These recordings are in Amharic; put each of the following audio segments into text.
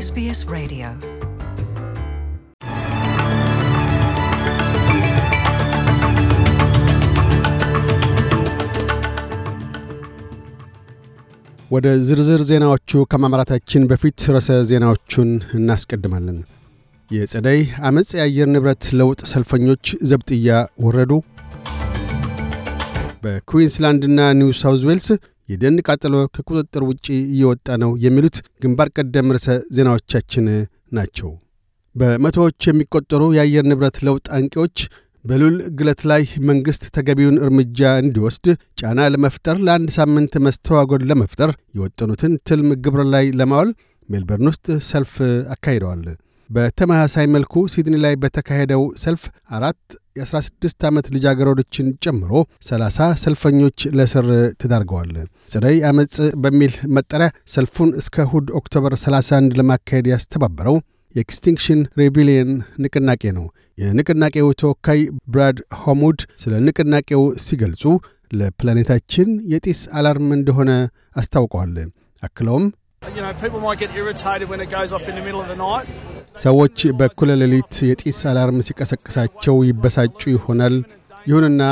SBS Radio ወደ ዝርዝር ዜናዎቹ ከማምራታችን በፊት ርዕሰ ዜናዎቹን እናስቀድማለን። የጸደይ አመፅ የአየር ንብረት ለውጥ ሰልፈኞች ዘብጥያ ወረዱ። በኩዊንስላንድና ኒው ሳውዝ ዌልስ የደን ቃጠሎ ከቁጥጥር ውጪ እየወጣ ነው የሚሉት ግንባር ቀደም ርዕሰ ዜናዎቻችን ናቸው። በመቶዎች የሚቆጠሩ የአየር ንብረት ለውጥ አንቂዎች በሉል ግለት ላይ መንግሥት ተገቢውን እርምጃ እንዲወስድ ጫና ለመፍጠር ለአንድ ሳምንት መስተዋጎድ ለመፍጠር የወጠኑትን ትልም ግብር ላይ ለማዋል ሜልበርን ውስጥ ሰልፍ አካሂደዋል። በተመሳሳይ መልኩ ሲድኒ ላይ በተካሄደው ሰልፍ አራት የ16 ዓመት ልጃገረዶችን ጨምሮ 30 ሰልፈኞች ለስር ተዳርገዋል። ጽደይ አመፅ በሚል መጠሪያ ሰልፉን እስከ እሁድ ኦክቶበር 31 ለማካሄድ ያስተባበረው የኤክስቲንክሽን ሬቢሊየን ንቅናቄ ነው። የንቅናቄው ተወካይ ብራድ ሆሙድ ስለ ንቅናቄው ሲገልጹ ለፕላኔታችን የጢስ አላርም እንደሆነ አስታውቀዋል። አክለውም ሰዎች በኩለ ሌሊት የጢስ አላርም ሲቀሰቅሳቸው ይበሳጩ ይሆናል። ይሁንና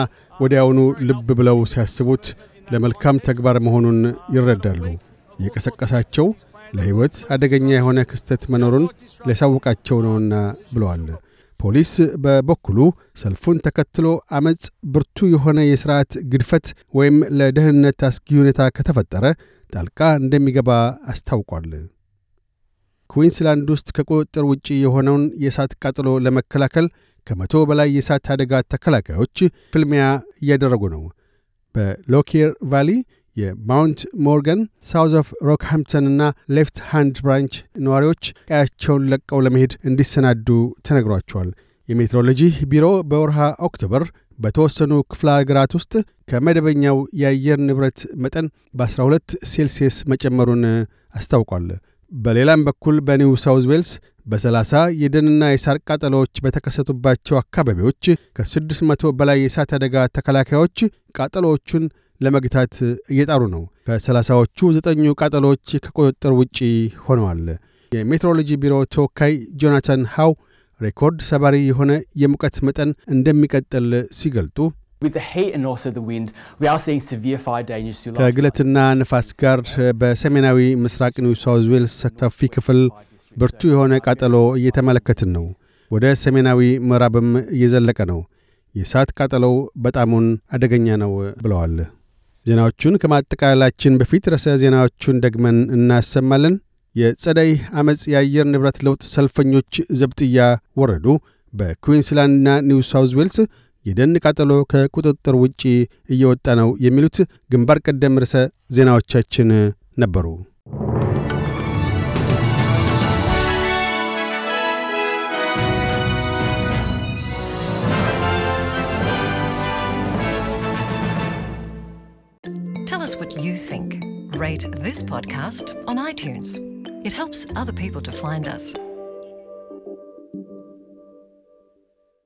ወዲያውኑ ልብ ብለው ሲያስቡት ለመልካም ተግባር መሆኑን ይረዳሉ። የቀሰቀሳቸው ለሕይወት አደገኛ የሆነ ክስተት መኖሩን ሊያሳውቃቸው ነውና ብለዋል። ፖሊስ በበኩሉ ሰልፉን ተከትሎ አመፅ፣ ብርቱ የሆነ የሥርዓት ግድፈት ወይም ለደህንነት አስጊ ሁኔታ ከተፈጠረ ጣልቃ እንደሚገባ አስታውቋል። ኩዊንስላንድ ውስጥ ከቁጥጥር ውጪ የሆነውን የእሳት ቃጥሎ ለመከላከል ከመቶ በላይ የእሳት አደጋ ተከላካዮች ፍልሚያ እያደረጉ ነው። በሎኬር ቫሊ የማውንት ሞርጋን፣ ሳውዝ ኦፍ ሮክሃምፕተን እና ሌፍት ሃንድ ብራንች ነዋሪዎች ቀያቸውን ለቀው ለመሄድ እንዲሰናዱ ተነግሯቸዋል። የሜትሮሎጂ ቢሮ በወርሃ ኦክቶበር በተወሰኑ ክፍለ ሀገራት ውስጥ ከመደበኛው የአየር ንብረት መጠን በ12 ሴልሲየስ መጨመሩን አስታውቋል። በሌላም በኩል በኒው ሳውዝ ዌልስ በ30 የደንና የሳር ቃጠሎዎች በተከሰቱባቸው አካባቢዎች ከ600 በላይ የእሳት አደጋ ተከላካዮች ቃጠሎዎቹን ለመግታት እየጣሩ ነው። ከ30ዎቹ ዘጠኙ ቃጠሎዎች ከቁጥጥር ውጪ ሆነዋል። የሜትሮሎጂ ቢሮ ተወካይ ጆናታን ሃው ሬኮርድ ሰባሪ የሆነ የሙቀት መጠን እንደሚቀጥል ሲገልጡ ከግለትና ንፋስ ጋር በሰሜናዊ ምስራቅ ኒው ሳውዝ ዌልስ ሰፊ ክፍል ብርቱ የሆነ ቃጠሎ እየተመለከትን ነው። ወደ ሰሜናዊ ምዕራብም እየዘለቀ ነው። የእሳት ቃጠሎው በጣሙን አደገኛ ነው ብለዋል። ዜናዎቹን ከማጠቃላላችን በፊት ርዕሰ ዜናዎቹን ደግመን እናሰማለን። የጸደይ ዓመፅ የአየር ንብረት ለውጥ ሰልፈኞች ዘብጥያ ወረዱ። በኩዊንስላንድና ኒው ሳውዝ ዌልስ የደን ቃጠሎ ከቁጥጥር ውጪ እየወጣ ነው የሚሉት ግንባር ቀደም ርዕሰ ዜናዎቻችን ነበሩ። Tell us what you think. Rate this podcast on iTunes. It helps other people to find us.